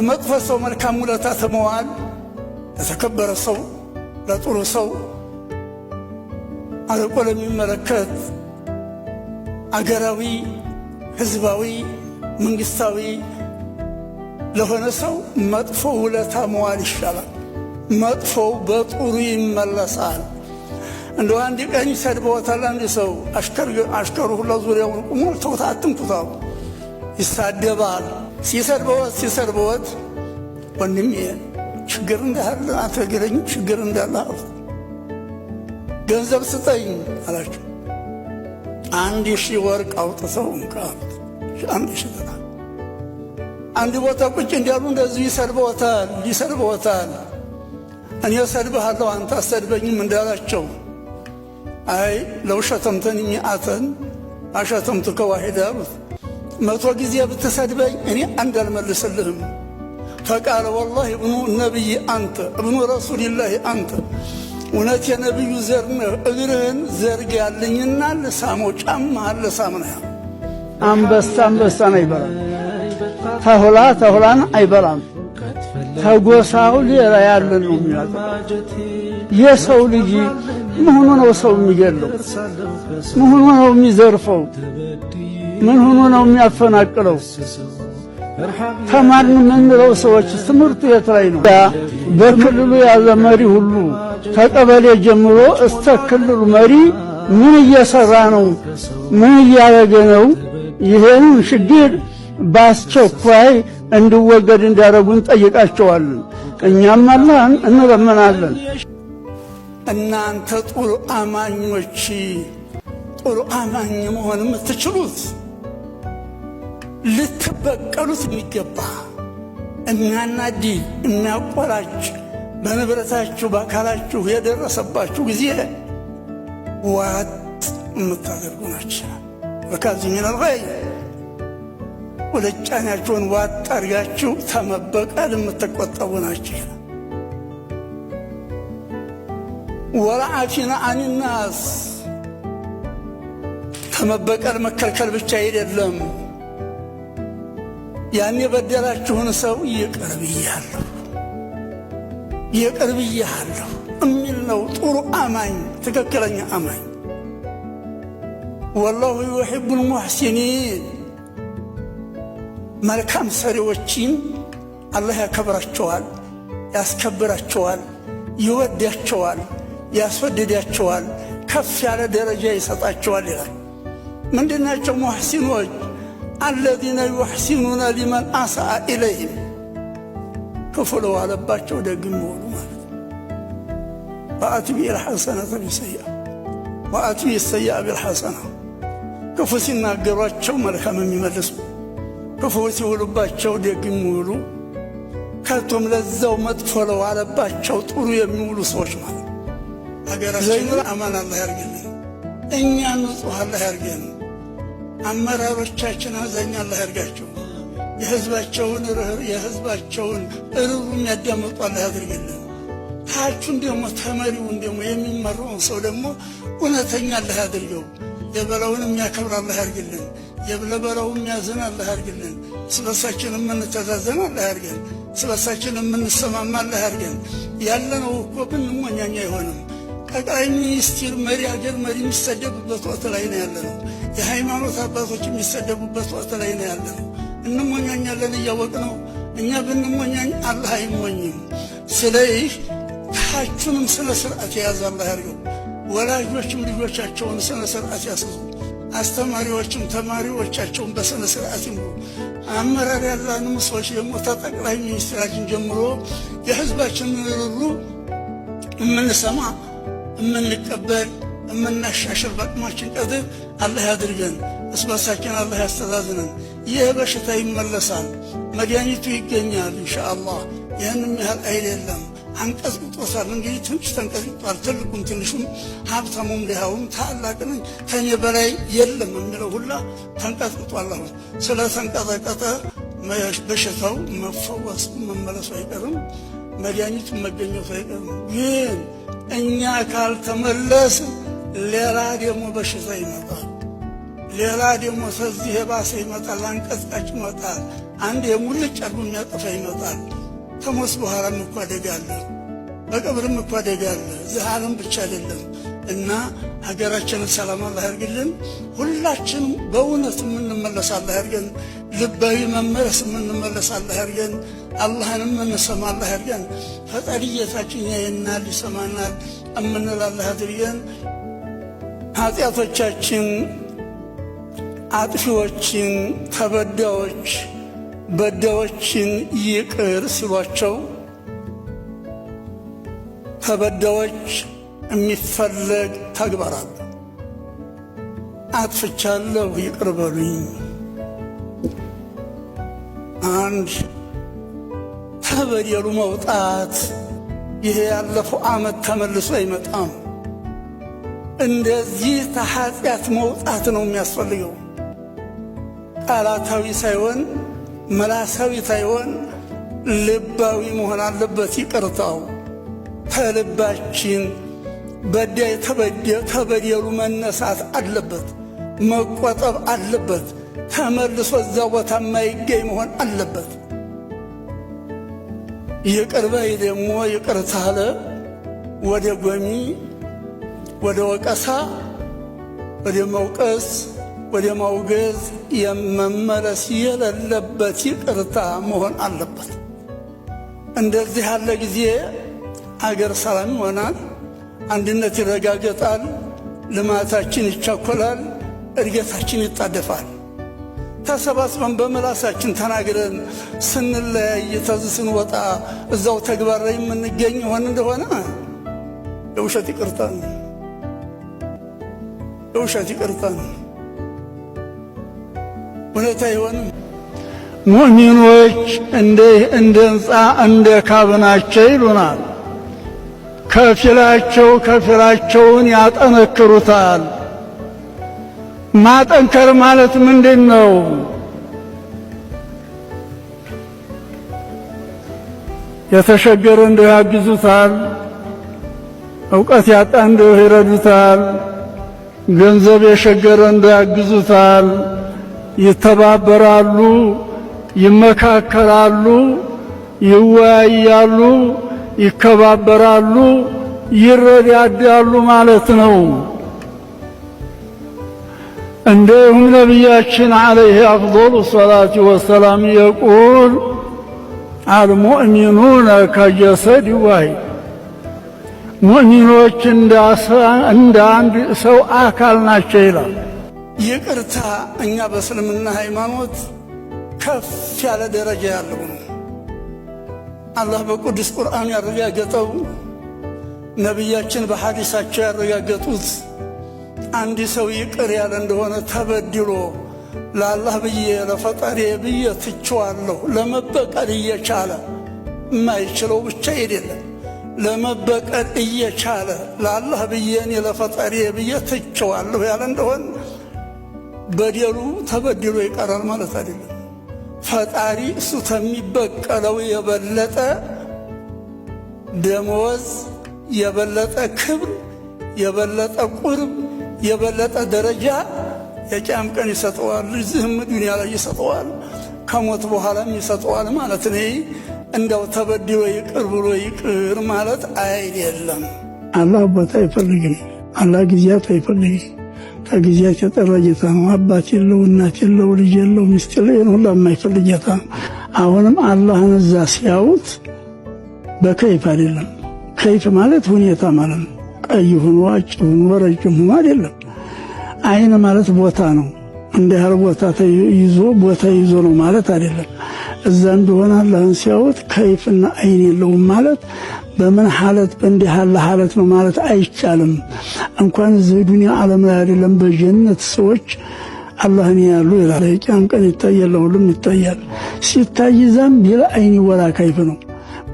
ለመጥፎ ሰው መልካም ውለታ ተመዋል። ለተከበረ ሰው፣ ለጥሩ ሰው አርቆ ለሚመለከት አገራዊ፣ ህዝባዊ፣ መንግስታዊ ለሆነ ሰው መጥፎ ውለታ መዋል ይሻላል። መጥፎው በጥሩ ይመለሳል። እንደ አንድ ቀኝ ይሰድበዋታል። አንድ ሰው አሽከሩ ሁላ ዙሪያውን ቁሞ ተውታ አትንኩታው ይሳደባል። ሲሰድበወት ሲሰድበወት ወንድሜ ችግር እንዳለ አትግረኝ፣ ችግር እንዳለ አሉ። ገንዘብ ስጠኝ አላቸው። አንድ ሺ ወርቅ አውጥተው እንካ አንድ ሺ ተራ አንድ ቦታ ቁጭ እንዲያሉ እንደዚሁ ይሰድበወታል፣ ይሰድበወታል። እኔ ሰድብሃለሁ አንተ አሰድበኝም እንዳላቸው አይ ለውሸተምተን የሚአተን አሸተምቱ ከዋሂድ አሉት መቶ ጊዜ ብትሰድበኝ እኔ አንድ አልመልስልህም። ፈቃለ ወላሂ እብኑ ነቢይ አንተ እብኑ ረሱልላሂ አንተ እውነት የነቢዩ ዘር ነህ። እግርህን ዘርግ ያለኝና ልሳሞ ጫማ ልሳም ነ አንበሳ አንበሳን አይበላም፣ ተሁላ ተሁላን አይበላም። ተጎሳው ሌላ ያለን ነው የሚያጠ የሰው ልጅ መሆኑ ነው ሰው የሚገለው መሆኑ ነው የሚዘርፈው ምን ሆኖ ነው የሚያፈናቅለው? ተማርን የምንለው ሰዎች ትምህርቱ የት ላይ ነው? በክልሉ ያለ መሪ ሁሉ ከቀበሌ ጀምሮ እስከ ክልሉ መሪ ምን እየሰራ ነው? ምን እያደረገ ነው? ይሄንን ችግር በአስቸኳይ እንዲወገድ እንዲያደረጉ እንጠይቃቸዋለን እኛም አላህን እንለምናለን። እናንተ ጥሩ አማኞች ጥሩ አማኝ መሆን የምትችሉት ልትበቀሉት የሚገባ የሚያናድ የሚያቆላጭ በንብረታችሁ በአካላችሁ የደረሰባችሁ ጊዜ ዋጥ የምታደርጉ ናቸው። በካዚሚን ወደ ወለጫናችሁን ዋጥ አድርጋችሁ ተመበቀል የምትቆጠቡ ናቸው። ወለዓፊና አኒናስ ተመበቀል መከልከል ብቻ አይደለም። ያን የበደላችሁን ሰው ይቅር ብያለሁ ይቅር ብያለሁ የሚል ነው። ጥሩ አማኝ፣ ትክክለኛ አማኝ። ወላሁ ዩሒቡል ሙሕሲኒን መልካም ሰሪዎችን አላህ ያከብራቸዋል፣ ያስከብራቸዋል፣ ይወዳቸዋል፣ ያስወድዳቸዋል፣ ከፍ ያለ ደረጃ ይሰጣቸዋል ይላል። ምንድናቸው ሙሕሲኖች? አለዚነ ዩሕሲኑነ ሊመን አስአ ኢለይም ክፍለው አለባቸው ደግም መሆኑ ማለት በአቱ ቢልሐሰነተ ቢሰያ በአቱ ቢሰያ ቢልሐሰና ክፉ ሲናገሯቸው መልካም የሚመልሱ ክፉ ሲውሉባቸው ደግ የሚውሉ ከቶም ለዛው መጥፎ ለዋለባቸው ጥሩ የሚውሉ ሰዎች ማለት ሀገራችን አማን አላህ ያርገልን፣ እኛ ንጹሕ አላህ ያርገልን። አመራሮቻችን አዛኛ አላህ ያርጋቸው። የህዝባቸውን ርኅር የህዝባቸውን ርሩ የሚያዳምጡ አላህ ያድርግልን። ታቹን ደግሞ ተመሪውን ደግሞ የሚመራውን ሰው ደግሞ እውነተኛ አላህ ያድርገው። የበላውን የሚያከብር አላህ ያርግልን። የብለበላውን የሚያዝን አላህ ያርግልን። ስበሳችን የምንተዛዘን አላህ ያርገን። ስበሳችን የምንሰማማ አላህ ያርገን። ያለነው እኮ ብንሞኛኛ አይሆንም። ጠቅላይ ሚኒስትር መሪ አገር መሪ የሚሰደቡበት ወቅት ላይ ነው ያለ ነው። የሃይማኖት አባቶች የሚሰደቡበት ወቅት ላይ ነው ያለ ነው። እንሞኛኛለን እያወቅ ነው። እኛ ብንሞኛኝ አላህ አይሞኝም። ስለይህ ታችንም ስነ ስርዓት የያዘ አላህ ያርገው። ወላጆችም ልጆቻቸውን ስነ ስርዓት ያስዙ። አስተማሪዎችም ተማሪዎቻቸውን በስነ ስርዓት ይምሩ። አመራር ያላንም ሰዎች ደግሞ ተጠቅላይ ሚኒስትራችን ጀምሮ የህዝባችንን ርሩ የምንሰማ እምንቀበል እምናሻሽል በአቅማችን ቀድር አላህ ያድርገን። እስበሳችን አላህ ያስተዛዝነን። ይህ በሽታ ይመለሳል፣ መድኃኒቱ ይገኛል እንሻ አላህ። ይህንም ያህል አይደለም አንቀጥቅጦታል። እንግዲህ ትንሽ ተንቀጥቅጧል። ትልቁም ትንሹም፣ ሀብታሙም ድሃውም፣ ታላቅም ከኔ በላይ የለም የሚለው ሁላ ተንቀጥቅጧል። አሁን ስለ ተንቀጠቀጠ በሽታው መፈወስ መመለሱ አይቀርም። መድኃኒቱ መገኘቱ አይቀርም። ግን እኛ ካልተመለስን ሌላ ደግሞ በሽታ ይመጣል። ሌላ ደግሞ ከዚህ የባሰ ይመጣል። አንቀጽቃጭ ይመጣል። አንድ የሙልጭ አድርጎ የሚያጠፋ ይመጣል። ከሞት በኋላ እኮ አለ፣ በቀብርም እኮ አለ። እዚህ ዓለም ብቻ አይደለም እና ሀገራችንን ሰላም አላህ ያርግልን። ሁላችንም በእውነት የምንመለስ አላህ ያርገን። ልባዊ መመለስ የምንመለስ አላህ ያርገን። አላህንም እንሰማ አላህ ያድርገን። ፈጣሪ ጌታችን ያየናል ይሰማናል እምንል አላህ ያድርገን። ኃጢአቶቻችን፣ አጥፊዎችን፣ ተበዳዎች በዳዎችን ይቅር ሲሏቸው ተበዳዎች የሚፈለግ ተግባራት አጥፍቻለሁ ይቅር በሉኝ አንድ ከበደሉ መውጣት። ይሄ ያለፈው ዓመት ተመልሶ አይመጣም። እንደዚህ ተኃጢአት መውጣት ነው የሚያስፈልገው። ቃላታዊ ሳይሆን መላሳዊ ሳይሆን ልባዊ መሆን አለበት። ይቅርታው ከልባችን በዳይ ተበደሉ መነሳት አለበት፣ መቆጠብ አለበት። ተመልሶ እዛ ቦታ የማይገኝ መሆን አለበት። ይቅር ደግሞ ወደ ጎሚ፣ ወደ ወቀሳ፣ ወደ መውቀስ፣ ወደ ማውገዝ የመመለስ የሌለበት ይቅርታ መሆን አለበት። እንደዚህ ያለ ጊዜ አገር ሰላም ይሆናል፣ አንድነት ይረጋገጣል፣ ልማታችን ይቻኮላል፣ እድገታችን ይጣደፋል። ተሰባስበን በመላሳችን ተናግረን ስንለያይ ተዝ ስንወጣ እዛው ተግባር ላይ የምንገኝ ይሆን እንደሆነ የውሸት ይቅርታን፣ የውሸት ይቅርታን። እውነት አይሆንም። ሙእሚኖች እንደ ሕንጻ እንደ ካብ ይሉናል። ከፊላቸው ከፊላቸውን ያጠነክሩታል። ማጠንከር ማለት ምንድን ነው? የተሸገረ እንደው ያግዙታል፣ እውቀት ያጣ እንደው ይረዱታል፣ ገንዘብ የሸገረ እንደው ያግዙታል። ይተባበራሉ፣ ይመካከራሉ፣ ይወያያሉ፣ ይከባበራሉ፣ ይረዳዳሉ ማለት ነው። እንዲሁም ነቢያችን ዓለይህ አፍዶሉ ሰላቲ ወሰላም የቁል አልሙእሚኑነ ከጀሰድ ዋይ ሙእሚኖች እንደ አንድ ሰው አካል ናቸው ይላል። ይቅርታ እኛ በእስልምና ሃይማኖት ከፍ ያለ ደረጃ ያለው ነው። አላህ በቅዱስ ቁርአን ያረጋገጠው፣ ነቢያችን በሐዲሳቸው ያረጋገጡት አንድ ሰው ይቅር ያለ እንደሆነ ተበድሎ ለአላህ ብዬ ለፈጣሪ ብዬ ትችዋለሁ ለመበቀል እየቻለ የማይችለው ብቻ አይደለም፣ ለመበቀል እየቻለ ለአላህ ብዬ እኔ ለፈጣሪ ብዬ ትችዋለሁ ያለ እንደሆነ በደሉ ተበድሎ ይቀራል ማለት አይደለም። ፈጣሪ እሱ ከሚበቀለው የበለጠ ደመወዝ፣ የበለጠ ክብር፣ የበለጠ ቁርብ የበለጠ ደረጃ የቂያም ቀን ይሰጠዋል። እዚህም ዱንያ ላይ ይሰጠዋል፣ ከሞት በኋላም ይሰጠዋል ማለት እኔ እንደው ተበድሎ ይቅር ብሎ ይቅር ማለት አይደለም። አላህ ቦታ አይፈልግም። አላህ ጊዜያት አይፈልግም። ከጊዜያት የጠራ ጌታ ነው። አባት የለው፣ እናት የለው፣ ልጅ የለው፣ ሚስት የለው፣ ይህን ሁላ የማይፈልግ ጌታ ነው። አሁንም አላህን እዛ ሲያዩት በከይፍ አይደለም። ከይፍ ማለት ሁኔታ ማለት ነው። ቀይ ሁኑ፣ አጭር ሁኑ፣ ረጅም ሁኑ አይደለም። አይን ማለት ቦታ ነው። እንደ ያህል ቦታ ተይዞ ቦታ ይዞ ነው ማለት አይደለም። እዛ እንደሆነ አላህን ሲያዩት ከይፍና አይን የለውም ማለት በምን ሐለት እንዲህ ያለ ሐለት ነው ማለት አይቻልም። እንኳን እዚህ ዱንያ ዓለም ላይ አይደለም በጀነት ሰዎች አላህን ያሉ ይላል። የቂያም ቀን ይታያል፣ ለሁሉም ይታያል። ሲታይ ዛም ቢል አይን ወላ ከይፍ ነው።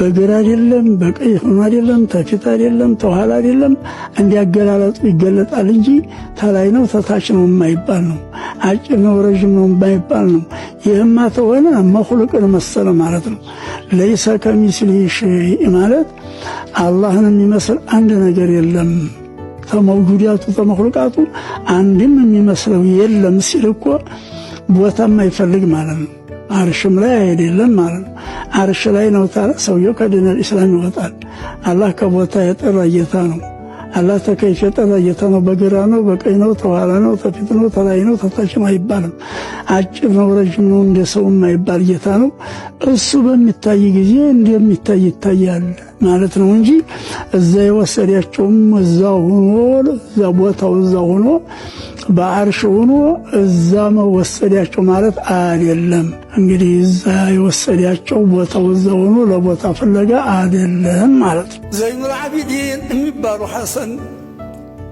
በግራ አይደለም በቀኝ ሆኖ አይደለም ተፊት አይደለም ተኋላ አይደለም እንዲያገላለጡ ይገለጣል እንጂ ተላይ ነው ተታች ነው የማይባል ነው። አጭር ነው ረዥም ነው የማይባል ነው። ይህማ ተሆነ መኹሉቅን መሰለ ማለት ነው። ለይሰ ከሚስሊሂ ሸይእ ማለት አላህን የሚመስል አንድ ነገር የለም ተመውጁዳቱ ተመኹሉቃቱ አንድም የሚመስለው የለም ሲል እኮ ቦታም አይፈልግ ማለት ነው። አርሽም ላይ አይደለም ማለት ነው። አርሽ ላይ ነው ታዲያ ሰውየው ከድነል ኢስላም ይወጣል። አላህ ከቦታ የጠራ ጌታ ነው። አላህ ተከይፍ የጠራ ጌታ ነው። በግራ ነው፣ በቀኝ ነው፣ ተኋላ ነው፣ ተፊት ነው፣ ተላይ ነው፣ ተታችም አይባልም። አጭር ነው፣ ረዥም ነው፣ እንደ ሰውም አይባል ጌታ ነው። እሱ በሚታይ ጊዜ እንደሚታይ ይታያል ማለት ነው እንጂ እዛ የወሰዳቸውም እዛ ሆኖ እዛ ቦታው እዛ ሆኖ በአርሽ ሆኖ እዛ መወሰዳቸው ማለት አይደለም። እንግዲህ እዛ የወሰዳቸው ቦታው እዛ ሆኖ ለቦታ ፍለጋ አይደለም ማለት ነው። ዘይኑል አቢዲን የሚባሉ ሐሰን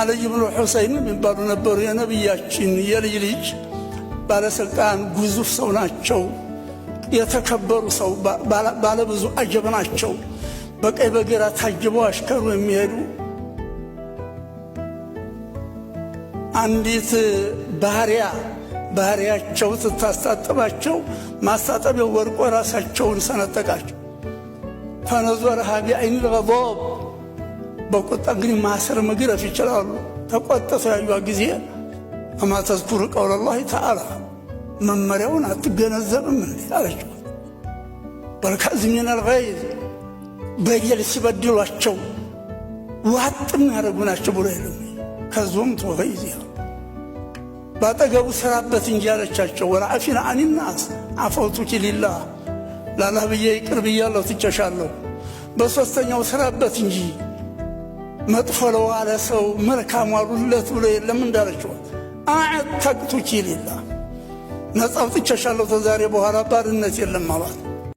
አለይ ብኑ ሑሰይን የሚባሉ ነበሩ። የነቢያችን የልጅ ልጅ ባለሥልጣን ግዙፍ ሰው ናቸው። የተከበሩ ሰው ባለብዙ አጀብ ናቸው። በቀይ በግራ ታጅበው አሽከሩ የሚሄዱ አንዲት ባሪያ ባሪያቸው ስታስታጥባቸው ማስታጠቢያው ወርቆ ራሳቸውን ሰነጠቃቸው። ፈነዞር ሀቢ አይን ለበቦብ በቁጣ እንግዲህ ማሰር መግረፍ ይችላሉ። ተቆጥቶ ያዩዋ ጊዜ አማተዝኩር ቀውለላህ ተዓላ መመሪያውን አትገነዘብም እንዴ አለችው። በልካዝሚን አልገይዝ በየል ሲበድሏቸው ዋጥ የሚያደርጉ ናቸው ብሎ የለም ከዞም ተወፈይዝ ባጠገቡ ስራበት እንጂ አለቻቸው። ወለአፊን አኒናስ አፈውቱኪ ሊላ ላላህ ብዬ ይቅር ብያለሁ ትቼሻለሁ። በሦስተኛው ሥራበት እንጂ መጥፎ ለዋለ ሰው መልካም ዋሉለት ብሎ የለም እንዳለችው አዕተቅቱኪ ሊላ ነጻ አውጥቼሻለሁ ተዛሬ በኋላ ባርነት የለም አሏት።